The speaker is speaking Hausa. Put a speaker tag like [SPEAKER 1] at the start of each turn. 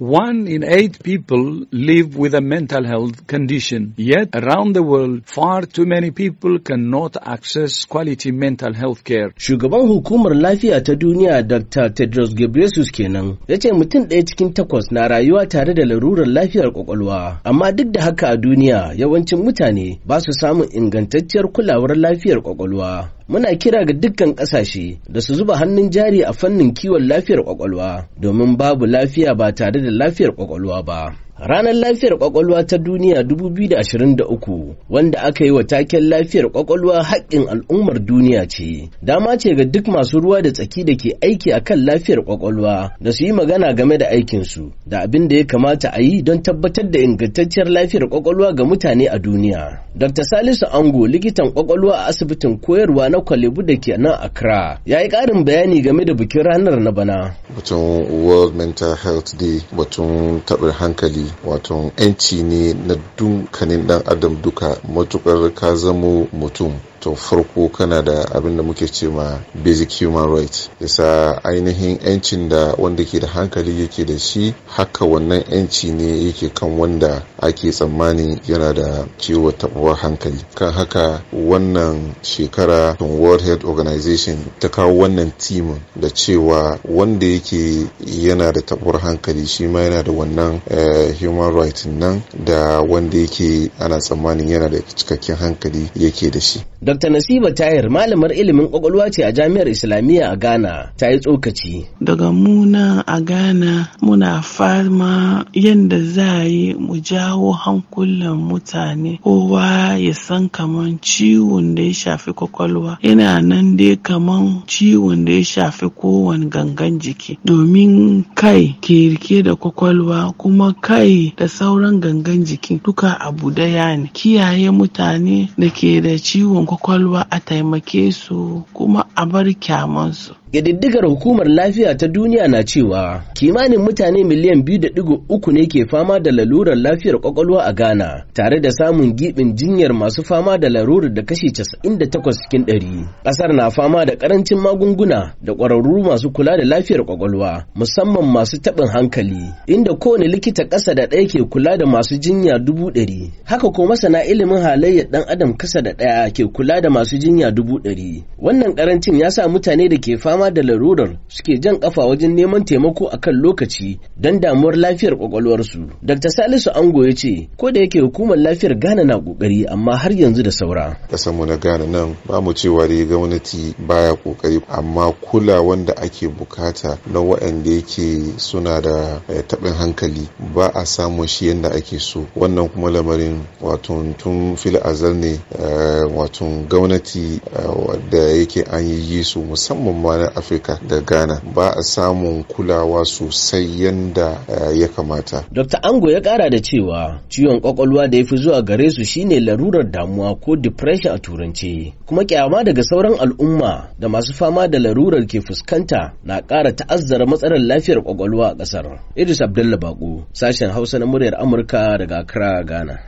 [SPEAKER 1] One in eight people live with a mental health condition. Yet, around the world, far too many people cannot access quality mental health care. Shugaban hukumar lafiya ta duniya Dr. Tedros Ghebreyesus kenan ya ce mutum ɗaya cikin takwas na rayuwa tare da larurar lafiyar kwakwalwa. Amma duk da haka a duniya yawancin mutane ba su samun ingantacciyar kulawar lafiyar kwakwalwa. muna kira ga dukkan ƙasashe da su zuba hannun jari a fannin kiwon lafiyar ƙwaƙwalwa domin babu lafiya ba tare da lafiyar ƙwaƙwalwa ba. Ranar lafiyar kwakwalwa ta duniya 2023 wanda aka yi wa taken lafiyar kwakwalwa haƙƙin al'ummar duniya ce. Dama ce ga duk masu ruwa da tsaki da ke aiki a kan lafiyar kwakwalwa da su yi magana game da aikinsu da abin da ya kamata a yi don tabbatar da ingantacciyar lafiyar kwakwalwa ga mutane a duniya. Dr. Salisu Ango likitan kwakwalwa a asibitin koyarwa na Kwalebu da ke nan Accra ya yi ƙarin bayani game da bikin ranar na bana.
[SPEAKER 2] Batun World Mental Health Day batun taɓin hankali wato yanci ne na dukkanin dan adam duka matukar ka zamo mutum to farko kana da abin da muke ce ma basic human rights yasa ainihin yancin da wanda ke da hankali yake da shi haka wannan yanci ne yake kan wanda ake tsammanin yana da ciwo taɓawar hankali kan haka wannan shekara world health organization ta kawo wannan timin da cewa wanda yake yana da taɓawar hankali shi ma yana da wannan eh, human rights nan da wanda yake ana tsammanin yana da cikakken hankali yake da shi
[SPEAKER 1] Dr. Nasiba Tahir malamar ilimin kwakwalwa ce a Jami'ar Islamiyya a Ghana ta yi tsokaci.
[SPEAKER 2] Daga muna a Ghana muna
[SPEAKER 1] farma yadda za yi mu jawo hankulan mutane kowa ya san kaman ciwon da ya shafi kwakwalwa yana nan dai kaman ciwon da ya shafi kowane gangan jiki
[SPEAKER 2] domin kai ke rike da kwakwalwa kuma kai da
[SPEAKER 1] sauran gangan jiki duka abu daya ne kiyaye mutane da ke da ciwon kwakwalwa kwakwalwa a taimake su kuma a bar kyamansu. Ƙididdigar hukumar lafiya ta duniya na cewa kimanin mutane miliyan biyu da uku ne ke fama da lalurar lafiyar kwakwalwa a Ghana, tare da samun giɓin jinyar masu fama da larurar da kashi 98 cikin ɗari. Ƙasar na fama da ƙarancin magunguna da ƙwararru masu kula da lafiyar kwakwalwa, musamman masu taɓin hankali, inda kowane likita ƙasa da ɗaya ke kula da masu jinya dubu ɗari. Haka ko masana ilimin halayyar ɗan adam ƙasa da ɗaya ke kula da masu jinya dubu ɗari. Wannan ƙarancin ya sa mutane da ke fama dama da larurar suke jan kafa wajen neman taimako a kan lokaci don damuwar lafiyar kwakwalwarsu. Dr. Salisu Ango ya ce, ko da yake hukumar lafiyar Ghana na kokari amma har yanzu da saura.
[SPEAKER 2] Kasanmu na Ghana nan ba mu cewa dai gwamnati baya kokari amma kula wanda ake bukata na waɗanda yake suna da eh, taɓin hankali ba a samun shi yadda ake so. Wannan kuma lamarin wato tun fil azal ne eh, wato gwamnati eh, da yake an yi su musamman ma na afirka da ghana ba a samun kulawa sosai yadda eh, ya kamata
[SPEAKER 1] dr ango ya kara da cewa ciwon kwakwalwa da ya fi zuwa gare su shine larurar damuwa ko depression a turanci kuma kyama daga sauran al'umma da masu fama da larurar ke fuskanta na ƙara ta'azzara matsalar lafiyar kwakwalwa a ƙasar idris abdullahi bako sashen hausa na muryar amurka daga accra ghana